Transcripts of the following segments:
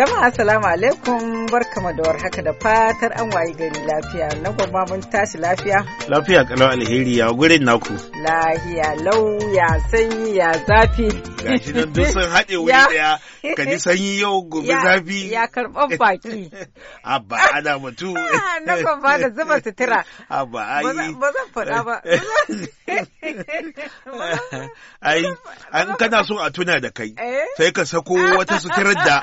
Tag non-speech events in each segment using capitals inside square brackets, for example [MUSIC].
Jama'a salamu alaikum barkama da warhaka da fatar an wayi gari lafiya na gwamma mun tashi lafiya. Lafiya kalau alheri ya gurin naku. Lahiya lau ya sanyi ya zafi. Gashi nan duk sun haɗe wuri daya ka ji sanyi yau gobe zafi. Ya karɓan baki. Abba [LAUGHS] ana mutu. [LAUGHS] Ah, na gwamma da zuba sutura. Abba ayi. Ba zan faɗa ba. [LAUGHS] Ai an kana so a tuna da kai. Eh? Sai ka sako wata suturar da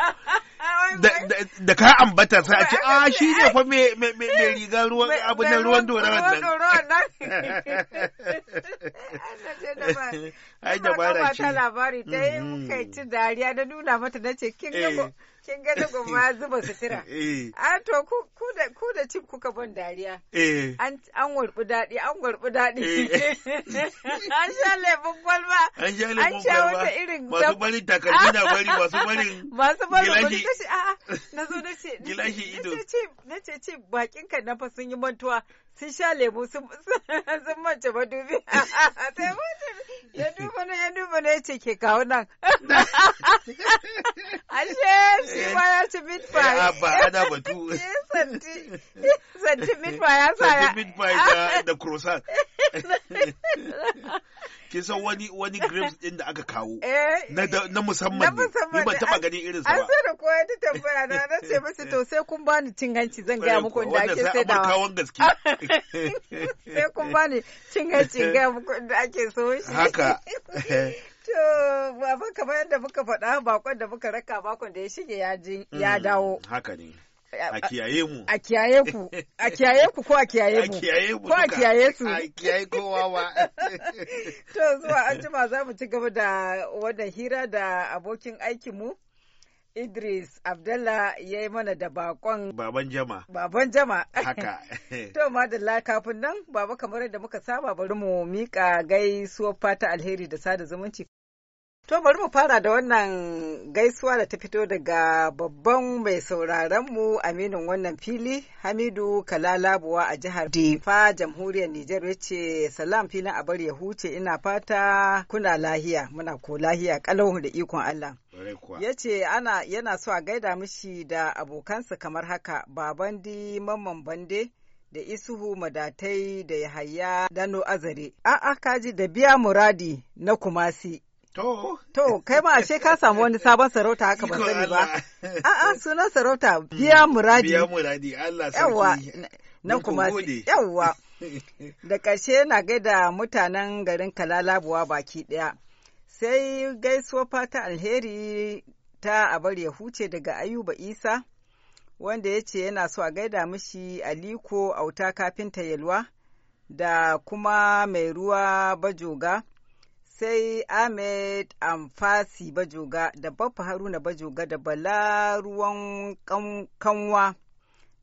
da ka ambata sai a ce a ah, shi ne fa me me me riga ruwan abu na ruwan dora nan [LAUGHS] [LAUGHS] ai da bara ce ta labari ta yi kai mm-hmm. ci dariya da nuna mata na ce kin ga eh. kin ga dago ma [LAUGHS] zuba sutura eh. a ah, to ku da ku da cin kuka ban dariya eh. an an warbi dadi an warbi dadi an sha lebun kwalba an sha wata irin masu bari takalmi da bari masu bari masu bari a'a [LAUGHS] na zo na ce na ce ce bakin ka na fa sun yi mantuwa sun sha lebu sun mance madubi [LAUGHS] sai mace ya duba nan ya duba na ya ce ke kawo nan [LAUGHS] ashe shi ma ya ci meat pie eh, ba ana batu [LAUGHS] santi meat pie ya sa ya meat mitfai da croissant ke san wani wani grapes din da aka kawo eh, na musamman ne Ni ban taba ganin irin sa ba an sai da koyar ta tambaya na na ce masa to sai kun bani cin hanci zan ga muku da ake saidawa wannan sai gaske [LAUGHS] sai kun bani cin hanci ga da ake so shi haka [LAUGHS] to baban kamar yadda muka faɗa bakon da muka raka bakon da ya shige ya mm, dawo haka ne a kiyaye mu a kiyaye ku a kiyaye ku ko a kiyaye mu a kiyaye mu ko a kiyaye su a kiyaye kowa ba [LAUGHS] to zuwa an jima za mu ci gaba da wannan hira da abokin aikin mu Idris Abdalla ya yi mana da bakon baban jama. Baban jama. Haka. [LAUGHS] to madalla kafin nan baba kamar yadda muka saba bari mu mika gaisuwar fata alheri da sada zumunci To bari mu fara da wannan gaisuwa da ta fito daga babban mai sauraronmu aminin wannan fili Hamidu Kalalabuwa a jihar Difa jamhuriyar Nijar ya ce salam filin a bari ya huce ina fata kuna lahiya muna ko lahiya kalau da ikon Allah. Ya ana yana so a gaida mishi da abokansa kamar haka baban di mamman bande. da isuhu madatai da yahaya dano azare a'a kaji da biya muradi na kumasi To. kai ma ashe ka samu wani sabon sarauta haka ba sani ba. A'a sunan sarauta biya muradi. Biya muradi, Allah sarki. Yawwa, nan kuma yawwa. [LAUGHS] Da ƙarshe na gaida mutanen garin Kalalabuwa baki ɗaya. Sai gaisuwa fata alheri ta a abar ya huce daga Ayuba Isa, wanda ya ce yana so a gaida mishi Aliko Auta kafinta Yalwa da kuma mai ruwa Bajoga. sai Ahmed Amfasi Bajoga da Baffa Haruna Bajoga da Bala Ruwan Kanwa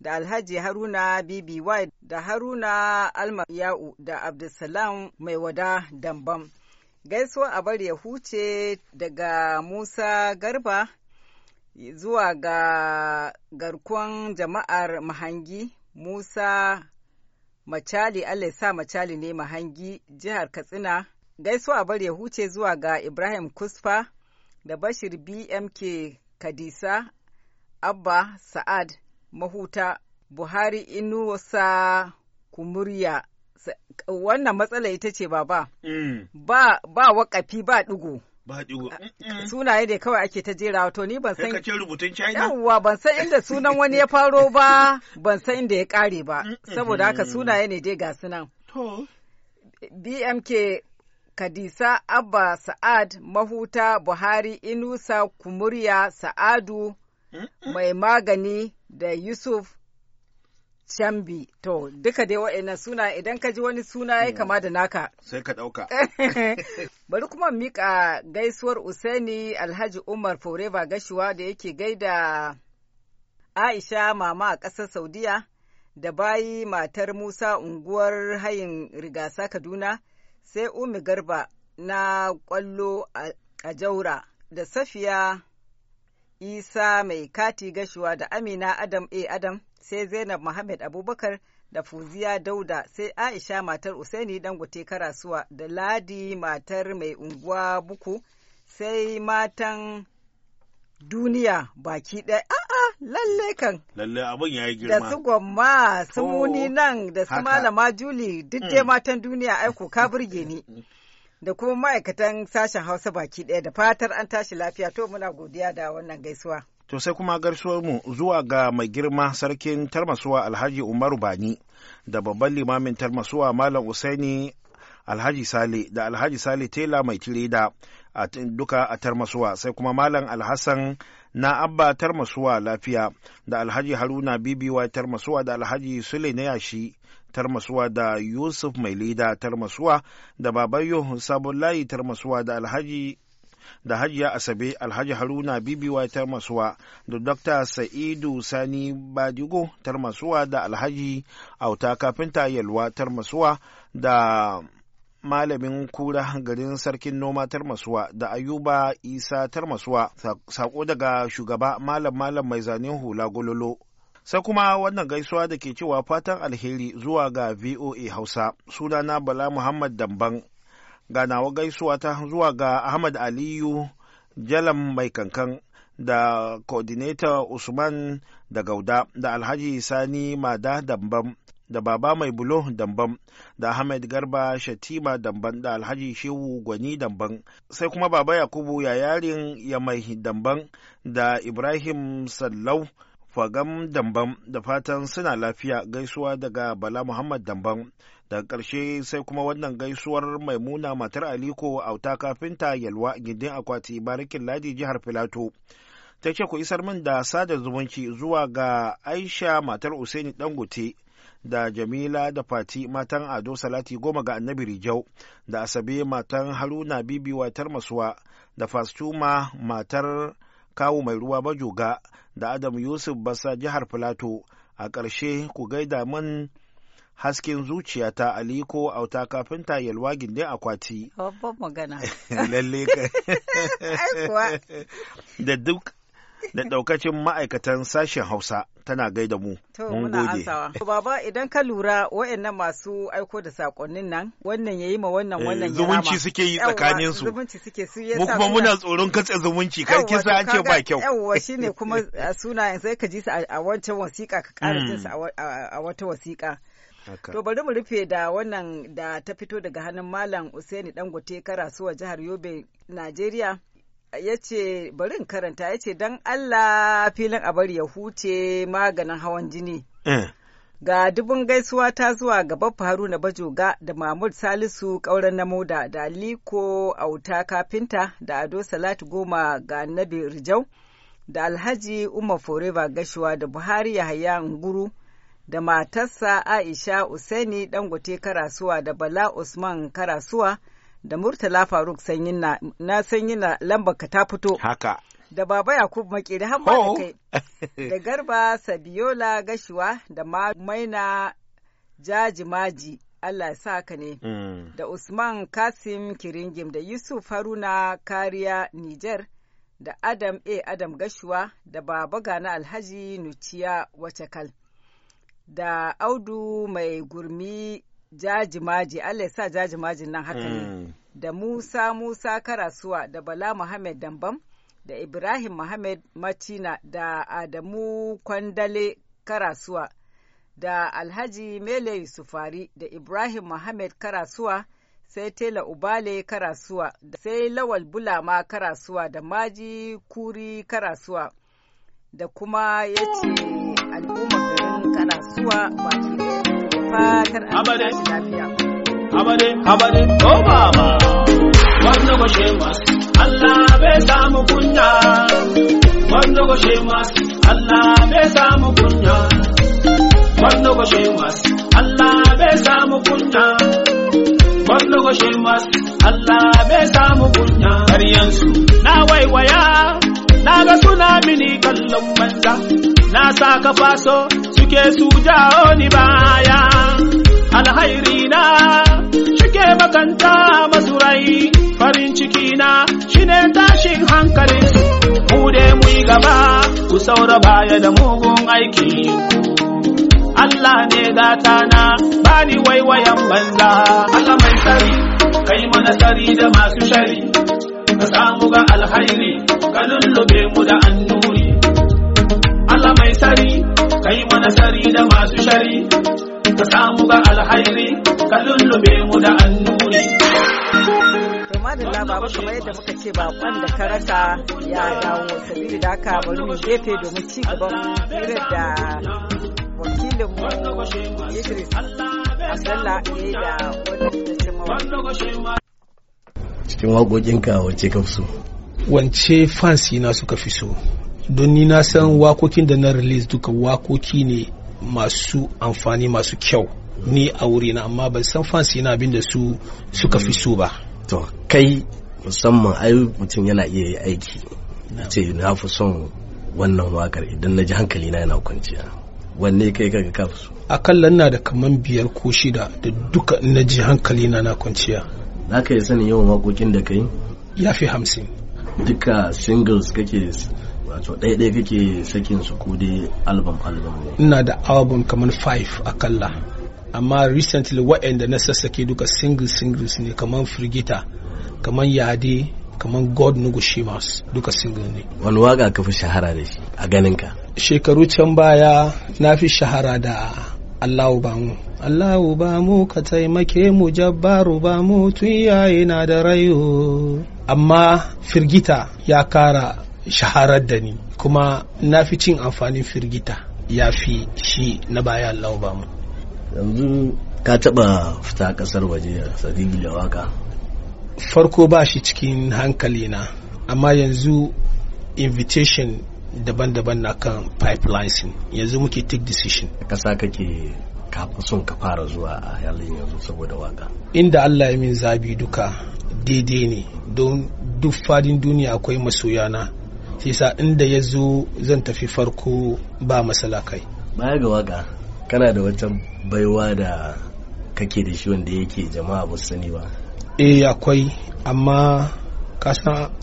da Alhaji Haruna BBY da Haruna alma ya'u da Abdulsalam Mai Wada Dambam. Gaisuwa a bari ya huce daga Musa Garba zuwa ga garkon jama'ar Mahangi Musa machali Allah ya sa machali ne Mahangi jihar Katsina Gaisuwa bar ya huce zuwa ga Ibrahim Kusfa da Bashir BMK Kadisa, Abba Sa'ad Mahuta, Buhari Inuwasa Kumurya. Wannan matsala ita ce baba. Mm. Ba ba wakafi ba ɗigo. ba digo. Sunaye da kawai ake ta jera to ni ban san kake rubutun China. Yawwa ban san inda sunan wani ya faro ba, ban san inda ya kare ba. Saboda haka sunaye ne dai ga sunan. To BMK Kadisa Abba Sa'ad Mahuta Buhari Inusa Kumurya Sa'adu mai magani da Yusuf Chambi. To, duka dai waɗannan suna idan ka ji wani suna ya kama da naka. Sai ka ɗauka. [LAUGHS] Bari kuma mika gaisuwar Usaini Alhaji Umar Foreba Gashuwa da yake gaida Aisha mama a ƙasar Saudiya da bayi matar Musa unguwar hayin rigasa Kaduna. sai Umi Garba na kwallo a Jaura da Safiya Isa mai kati gashuwa da Amina Adam A. Eh, Adam sai Zainab Muhammad Abubakar da Fuziya Dauda sai Aisha matar Usaini Dangote Karasuwa da Ladi matar mai unguwa Buku sai matan duniya baki ɗaya a'a lalle kan lalle abin ya yi girma da su gwamma su muni nan da su malama juli duk dai hmm. matan duniya aiko ka burge ni da kuma ma'aikatan sashen hausa baki ɗaya da fatar an tashi lafiya to muna godiya da wannan gaisuwa to sai kuma mu zuwa ga mai girma sarkin tarmasuwa alhaji umaru bani da babban limamin tarmasuwa malam usaini alhaji sale da alhaji sale tela mai tireda duka a tarmasuwa sai kuma malam alhassan na abba tarmasuwa lafiya da alhaji haruna bibiwa tarmasuwa da alhaji sule na yashi tarmasuwa da yusuf mai leda tarmasuwa da babayo sabon tarmasuwa da alhaji da hajiya asabe alhaji haruna bibiwa tarmasuwa da dr sa'idu sani badigo tarmasuwa da alhaji auta kafinta yalwa tarmasuwa da malamin kura garin sarkin noma tarmasuwa da ayuba isa tarmasuwa sako daga shugaba malam malam mai zanen hula gololo sai kuma wannan gaisuwa da ke cewa fatan alheri zuwa ga voa hausa sunana bala muhammad damban ganawa gaisuwa ta zuwa ga ahmad aliyu jalam mai kankan da coordinator usman da gauda da alhaji sani mada dambam da baba mai bulo damban da ahmed garba shatima damban da alhaji shehu gwani damban sai kuma baba yakubu yarin ya mai damban da ibrahim sallau fagam damban da fatan suna lafiya gaisuwa daga bala muhammad damban daga ƙarshe sai kuma wannan gaisuwar maimuna matar aliko auta kafinta yalwa gindin akwati barikin ladi jihar filato ta ce ku isar min da sada zumunci zuwa ga aisha matar usaini dangote da jamila da fati matan ado salati goma ga annabi rijau da asabe matan haruna bibi watar masuwa da fastuma matar kawu mai ruwa majoga da adam yusuf basa jihar filato a ƙarshe ku gaida min hasken zuciya ta aliko auta kafin kafinta yalwa gindin akwati. Babban magana. [LAUGHS] Lalle [LAUGHS] Da duk da ɗaukacin ma'aikatan sashen Hausa. tana gaida mu. Mun gode. Baba idan ka lura waɗannan masu aiko da sakonnin nan wannan ya yi ma wannan eh, wannan ya Zumunci suke yi tsakanin su. Zumunci suke su yasa. Mu kuma muna tsoron katse zumunci kar kisa an ce ba kyau. Yawwa ne kuma [LAUGHS] sunayen sai ka ji su a wancan wasiƙa ka ƙara jin su a mm. wata wasiƙa. To bari mu rufe da wannan da ta fito daga hannun Malam Usaini Dangote Karasuwa jihar Yobe, Najeriya. ya ce bari karanta yace Dan Allah filin a bari ya huce maganin hawan jini. Eh. Ga dubin gaisuwa ta zuwa Baffa Haruna Bajoga da Mahmud Salisu ƙauren na da Aliko Auta Kafinta da Ado Salatu Goma ga Nabi Rijau da Alhaji Umar Foreva Gashuwa da Buhari Yahaya Nguru da matarsa Aisha Usaini Dangote Karasuwa da Bala Usman Karasuwa. da Murtala Faruk sanyin na na sanyin na lambar ka ta fito. Haka. Da Baba Yakubu Makeri har da oh. kai. [LAUGHS] Da Garba Sabiola Gashuwa da Maina Jajimaji Allah ya saka ne. Mm. Da Usman Kasim Kiringim da Yusuf Haruna Kariya Niger da Adam A. Adam Gashuwa da Baba Gana Alhaji Nuciya Wacakal. Da Audu Mai Gurmi jajimaji Allah ya sa jajimajin nan haka ne mm. da Musa Musa Karasuwa da Bala Muhammad Dambam da Ibrahim Muhammad Macina da Adamu Kwandale Karasuwa da Alhaji Mele Yusufari da Ibrahim Muhammad Karasuwa sai Tela Ubale Karasuwa da sai Lawal Bulama Karasuwa da Maji Kuri Karasuwa da kuma ya ce al'ummar garin Karasuwa baki fatar an tashi lafiya. Habade, ko baba, wanda ko shemas, Allah bai samu kunya, wanda ko shemas, Allah bai samu kunya, wanda ko shemas, Allah bai samu kunya, wanda ko shemas, Allah bai samu kunya. Karyansu, na waiwaya, na ga suna mini kallon banza, na sa ka faso suke su jawo ni baya Alhairina na shike makanta masurai farin ciki na shine tashin hankali mu da mu yi gaba ku saura baya da mugun aiki Allah ne gata na bani waiwayan banza Allah mai tsari kai mana tsari da masu shari ka samu ga alhairi ka lullube mu da annuri Allah mai tsari kai mana tsari da masu shari ka samu ga alhairi ka lullube mu da annuri madalla kamar yadda muka ce da ka rasa ya dawo sabili da bari da idris ka so wance fansi na suka fi so don ni na san wakokin da na release duka wakoki ne masu amfani masu kyau ni a wurina amma ban san fansi na abin da su suka fi so ba to kai musamman ai mutum yana iya yi aiki ce na fi son wannan wakar idan na ji hankali na yana kwanciya wanne kai kaga ka fi so akalla ina da kaman biyar ko shida da duka na ji hankali na na kwanciya N'a ka yi sanin yawan waƙoƙin da ka yi ya fi hamsin duka singles kake wato ɗaya kake sakin su ko dai album album ne ina da album kamar 5 akalla amma recently waɗanda na sassake duka single singles ne kamar firgita kamar yadi kamar god nugu shimas duka single ne wani waga ka fi shahara da shi a ganin ka shekaru can baya na fi shahara da allahu mu. allahu mu ka taimake mu jabbaru mu tun yayi na da rayu amma firgita ya kara shaharar da ni kuma na fi cin amfanin firgita ya fi shi na baya Allah ba mu yanzu ka taba fita kasar waje sadigi da waka farko ba shi cikin hankali na amma yanzu invitation daban-daban na kan pipelines yanzu muke take decision kasa kake kafin son ka fara zuwa a halin yanzu saboda waka inda Allah ya min zabi duka daidai ne don duk fadin duniya akwai masoyana sa inda ya zo zan tafi farko ba masalakai baya ga waka kana da wata baiwa da kake da shi wanda yake jama'a ba sani ba eh akwai amma ka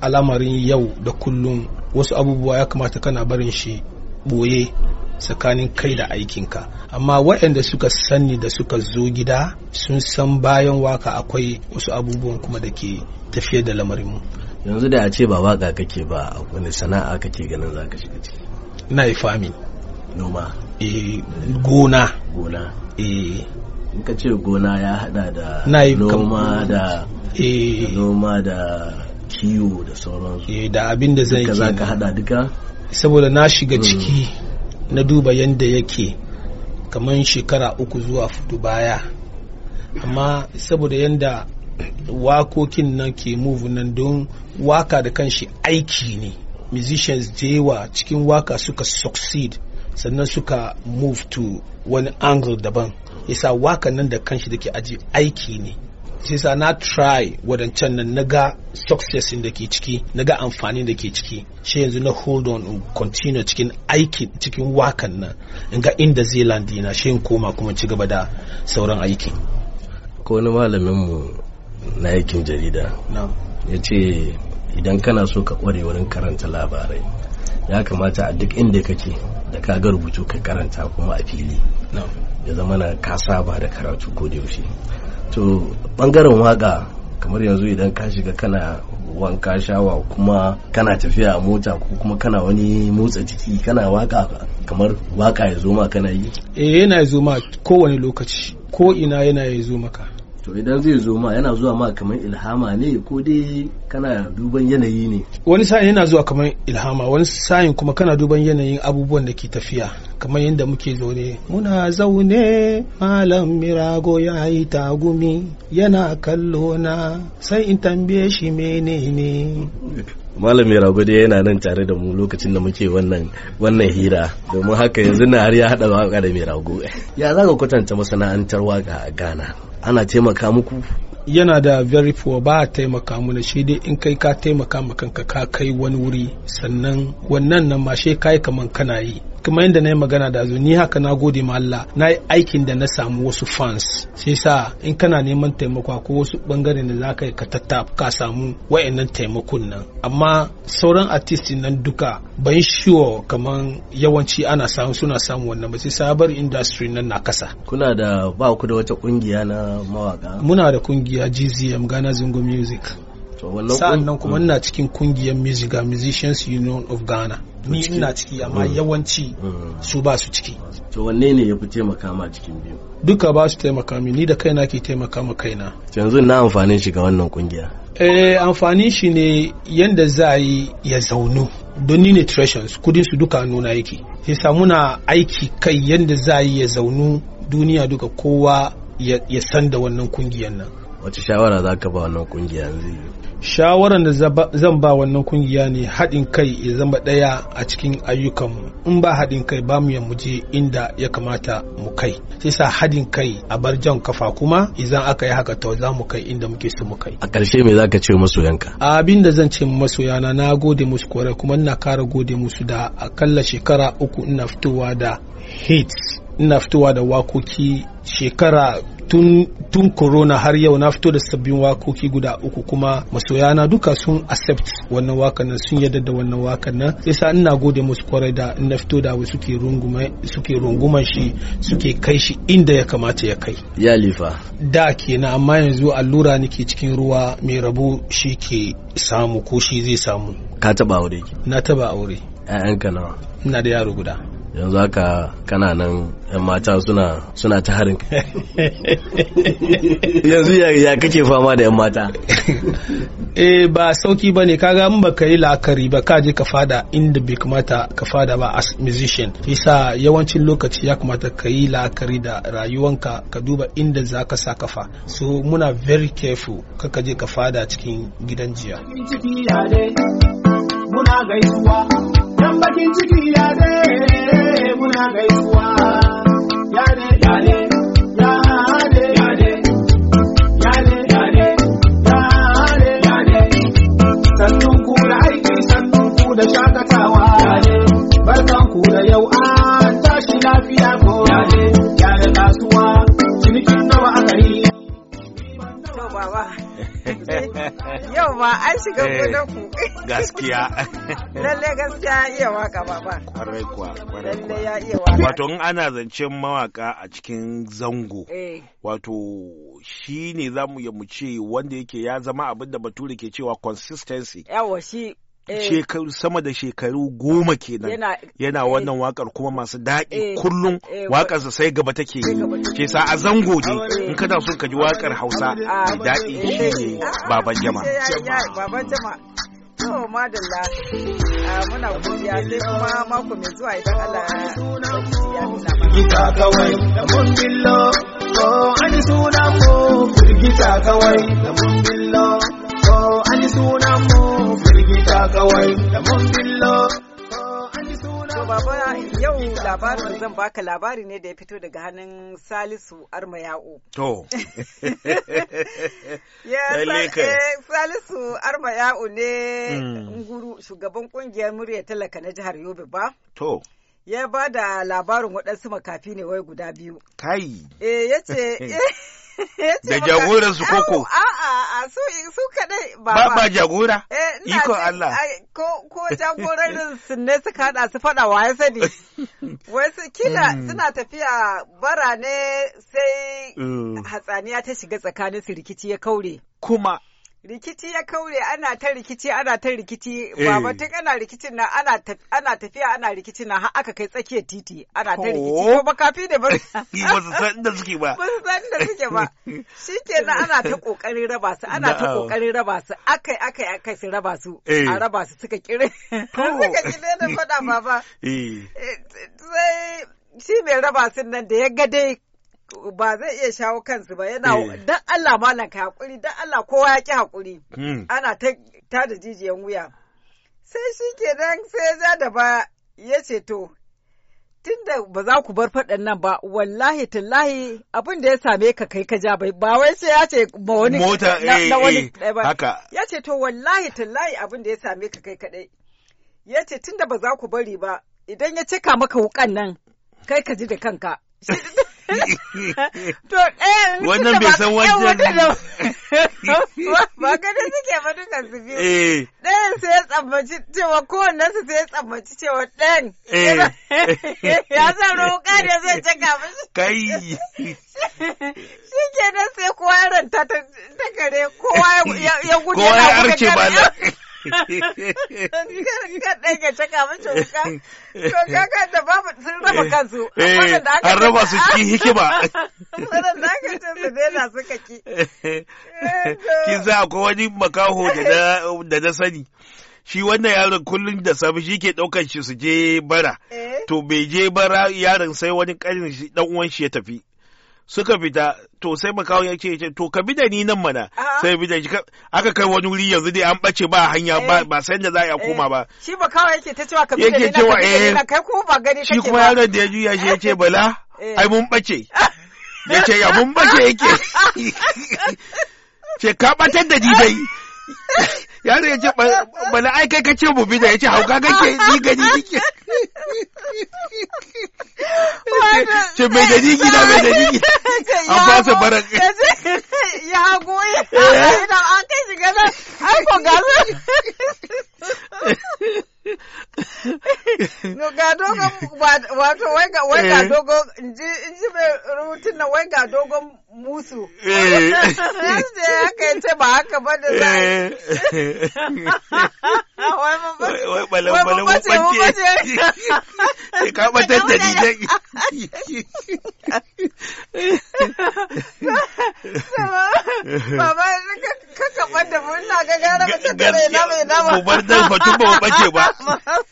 alamarin yau da kullum wasu abubuwa ya kamata kana barin shi boye tsakanin kai da aikinka amma waɗanda suka sani da suka zo gida sun san bayan waka akwai wasu abubuwan kuma da ke tafiye da lamarinmu yanzu da a ce ba waka kake ba wani sana'a kake ganin za ka shiga ciki ina yi fami noma eh gona gona eh in ka ce gona ya hada da noma eh. da noma da kiwo da sauransu eh da abin da zai za ka hada duka saboda na shiga hmm. ciki na duba yadda yake kamar shekara uku zuwa fudu baya amma saboda yadda wakokin nan ke move nan don waka da kanshi aiki ne musicians jewa cikin waka suka succeed sannan suka move to wani angle daban yasa waka nan da kanshi da ke aji aiki ne sai sa na try wadancan nan na ga success da ke ciki na ga amfani da ke ciki shi yanzu na hold on in continue cikin aiki cikin wakan nan in ga inda zai landi na shi in koma kuma ci gaba da sauran aiki ko wani malamin mu na aikin jarida ya ce idan kana so ka kware wurin karanta labarai ya kamata a duk inda kake da ka ga rubutu ka karanta kuma a fili ya zama na ka saba da karatu ko da yaushe to bangaren waka kamar yanzu idan ka shiga kana wanka shawa kuma kana tafiya a mota ko kuma kana wani motsa jiki kana waka kamar waka ya zo ma kana yi eh yana ya zo ma kowane lokaci ko ina yana ya zo maka to idan zai zo ma yana zuwa ma kamar ilhama ne ko dai kana duban yanayi ne wani sa'in yana zuwa kamar ilhama wani sa'in kuma kana duban yanayin abubuwan da ke tafiya kamar yadda muke zaune muna zaune malam mirago ya yi tagumi yana kallo na sai in tambaye shi menene malami rago dai yana nan tare da mu lokacin da muke wannan wannan hira domin haka yanzu na har ya hada waka da mai rago ya za ka kwatanta masana'antar waka a ghana ana taimaka muku yana da very poor ba a taimaka mana shi dai in kai ka taimaka ma ka kai wani wuri sannan wannan nan ma she kai kaman kana yi kamar yadda na yi magana da ni haka na gode ma Allah na yi aikin da na samu wasu fans shi sa in kana neman taimako ko wasu bangare da zaka yi ka tattap ka samu wayannan taimakon nan amma sauran artist nan duka ban sure kamar yawanci ana samu suna samu wannan ba sai sabar industry nan na kasa kuna da ba ku da wata kungiya na mawaka muna da kungiya GZM Ghana Zingo Music sa'an nan kuma mm. ina cikin kungiyar music musicians union of ghana ni ina ciki amma mm. yawanci mm. su ba su ciki to wanne ne ya fi taimaka ma cikin biyu duka ba su taimaka min ni da kaina ke taimaka ma kaina yanzu na amfanin shi ga wannan kungiya eh amfanin shi ne yanda za a yi ya zaunu don ni ne treasures kudin su duka nuna yake sai muna aiki kai yanda za a yi ya zaunu duniya duka kowa ya san da wannan kungiyar nan wace shawara za ka ba wannan kungiya yanzu shawaran da zan ba wannan kungiya ne haɗin kai ya zama ɗaya a cikin ayyukanmu in ba haɗin kai ba mu ya muje inda ya kamata mu kai sai sa haɗin kai a bar jan kafa kuma idan aka yi haka to za mu kai inda muke so mu kai a ƙarshe me za ka ce masoyanka abin da zan ce masoyana na gode musu kwarai kuma ina kara gode musu da akalla shekara uku ina fitowa da hits ina fitowa da wakoki shekara tun tun corona har yau na fito da sabbin wakoki guda uku kuma masoya na duka sun accept wannan wakan nan sun yadda da wannan wakan nan sai sa ina gode musu kwarai da na fito da wasu suke runguma suke runguma shi suke kai shi inda ya kamata ya kai ya lifa da kenan amma yanzu allura nake cikin ruwa mai rabo shi ke samu ko shi zai samu ka taba aure na taba aure ƴaƴanka nawa ina da yaro guda yanzu haka kana nan yan mata suna ta harin [LAUGHS] yanzu ya kake fama da yan mata eh ba sauki ba ne kaga in baka yi la'akari ba ka je ka fada inda bai kamata ka fada ba as musician yasa yawancin lokaci ya kamata ka yi la'akari da rayuwanka ka duba inda za ka sa kafa so muna very careful ka je ka fada cikin gidan jiya muna gaisuwa dan bakin ciki ya zai muna gaisuwa shiga eh, gonar ku. Gaskiya. [LAUGHS] Lalle gaskiya iya waka baba. Kwarai kuwa. Lalle ya iya waka. Wato in ana zancen mawaka a cikin zango. Eh. Wato shi ne za mu mu ce wanda yake ya zama abin da bature ke cewa consistency. Yawa shi Eh. shekaru sama da shekaru goma kenan yana eh. wannan wakar kuma masu daɗi eh. kullum wakarsa sai gaba take yi ke sa a zango ne in kana son ka ji wakar Hausa mai daɗi shine baban jama baban jama to madalla ah, muna godiya sai kuma mako mai zuwa idan Allah ya nuna mana gita kawai da mun billo ko an suna mu gita kawai da mun billo ko an suna mu fita kawai da mun billo. Baba yau labarin zan baka labari ne da ya fito daga hannun Salisu Armayao. To. [LAUGHS] Eh, Salisu Armayao ne hmm. nguru shugaban kungiyar murya talaka na jihar Yobe ba. To. Ya ba da labarin waɗansu makafi ne wai guda biyu. Kai. Eh ya ce. [LAUGHS] [LAUGHS] da jagoran su koko. A'a su kadai ba ba. Ba jagora. Eh Iko Allah. Ko ko jagoranin ne suka hada su fada wa ya sani. [LAUGHS] wasu mm. suna tafiya bara ne sai mm. hatsaniya ta shiga tsakanin su rikici ya kaure. Kuma rikici ya kaure ana ta rikici ana ta rikici ba eh. tun ana rikicin na ana tafiya ana rikicin na har aka kai tsakiyar titi ana ta rikici oh. ko ba kafi da bar [LAUGHS] ba su san inda suke ba ba su san inda suke ba [LAUGHS] shikenan ana ta kokarin raba su ana ta kokarin raba su akai akai akai su raba su a eh. raba su suka kire [LAUGHS] suka kire da fada baba eh. sai shi mai raba sun nan da ya ga dai ba zai iya shawo kansu ba yana eh. dan Allah na ka hakuri dan Allah kowa ya ki hakuri hmm. ana ta da jijiyan wuya sai shi nan sai ya ja da ba ya ce to tunda ba za ku bar faɗan nan ba wallahi tallahi abin da ya same ka kai ka ja bai ba wai sai ya ce ba wani mota na eh, wani eh, haka ya ce to wallahi tallahi abin da ya same ka kai kadai ya ce tunda ba za ku bari ba idan ya cika maka wukan nan kai ka ji da kanka To eh wannan bai san wancan [LAUGHS] ba ganin suke ba duka su biyu. dan eh. sai ya tsammaci cewa wannan su sai ya tsammaci cewa eh [LAUGHS] Ya san roƙa da zai caka mishi. Kai. shike kenan sai kowa ranta ta gare kowa ya gudu. Kowa ya arce ba [LAUGHS] [LAUGHS] [LAUGHS] raba eh, kansu eh, an raba su cikin hikima [LAUGHS] kin za akwai wani makaho da na sani shi wannan yaron kullum da safe shi ke ɗaukar shi su je bara eh. to bai je bara yaron sai wani ƙarin ɗan uwan shi ya tafi suka fita to sai makawo ya ce to ka bi da ni nan mana sai bi da shi aka kai wani wuri yanzu dai an bace ba hanya ba eh. sai da za a koma ba eh. shi makawo yake ta cewa ka bi da ni nan eh. kai ko ba gani kake shi kuma yaron da ya juya shi ya ce bala ai mun bace ya ce ya mun bace yake [LAUGHS] [LAUGHS] ce ka batar da jidai yaro ya ce bala ai kai ka ce bubi da ya ce hauka kake ni gani nike ce mai da niki da mai da niki an fasa barar [LAUGHS] ya ce ya goyi [LAUGHS] eh. idan an kai shiga na an ko gasa ga dogon [LAUGHS] wato wai ga eh. dogon in ji mai rubutun na wai ga dogon musu. Eh. ya [LAUGHS] ce ba haka ba da za eh. [LAUGHS] Wai balan balan mu Ka da [LAUGHS] Baba, ka kaɓar da mun na ga gara ba ta tare na mai nama. Gobar zan batun ba bace ba.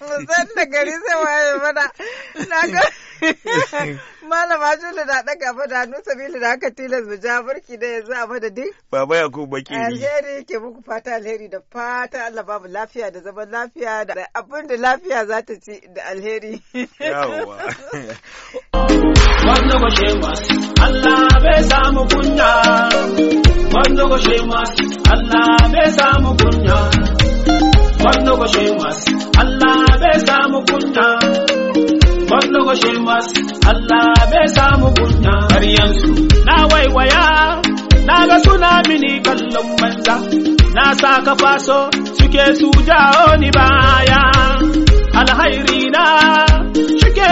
[LAUGHS] Zan da gari sai waye mana. Na ga [LAUGHS] Malama Jula da ɗaga fa da hannu bilu da aka tilas mu ja burki da yanzu a madadin. Baba ya ko baki. Alheri ke muku fata alheri da fata Allah babu lafiya da zaman lafiya da abin da lafiya za ta ci da alheri. Yawwa. [LAUGHS] wanda ko shemas Allah bai samu kunya wanda ko shemas Allah bai samu kunya wanda go shemas Allah bai samu kunya wanda go shemas Allah bai samu kunya har yanzu na waiwaya na ga suna mini kallon banza na sa ka faso suke su jawo ni baya alhairi na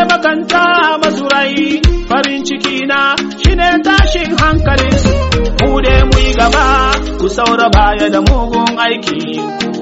makanta mazurai farin ciki na shine tashin hankalin mu dai mu yi gaba ku saura baya da mugun aiki